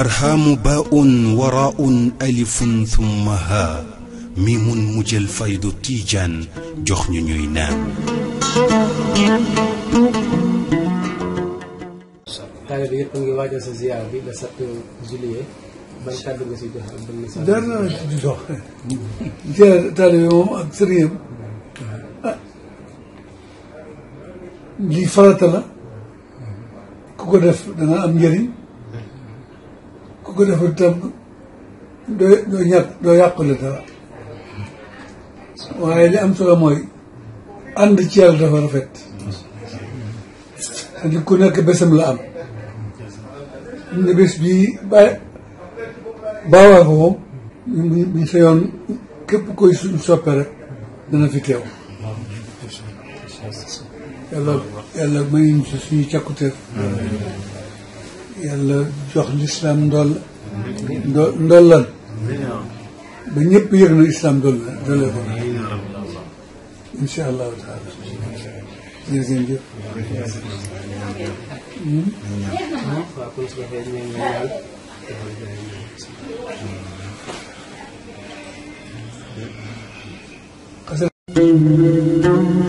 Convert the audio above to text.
arhaamu baun waraun alifun thumma haa mi mun faydu tiijaan jox ñu ñuy naan taalibe yëpp ngi sa ziyaar bi la sept juillet ban kàddu nga si joxe jox ziyaar taalibe moom ak sëriñam ah. lii farata la ku ko def am njëriñ كوكونا فتام دو يقل دو وعلى أم تغموي أن تيال دو رفت حتى كنا كبسم الأم نبس بي باوا هو من كيف كوي سوبر دنا في تيو يلا يلا ما يمشي سيني يلا جوخ الاسلام دول دول لا با نييب ييغنا الاسلام دول لا دول لا ان شاء الله تعالى يزين جي قصر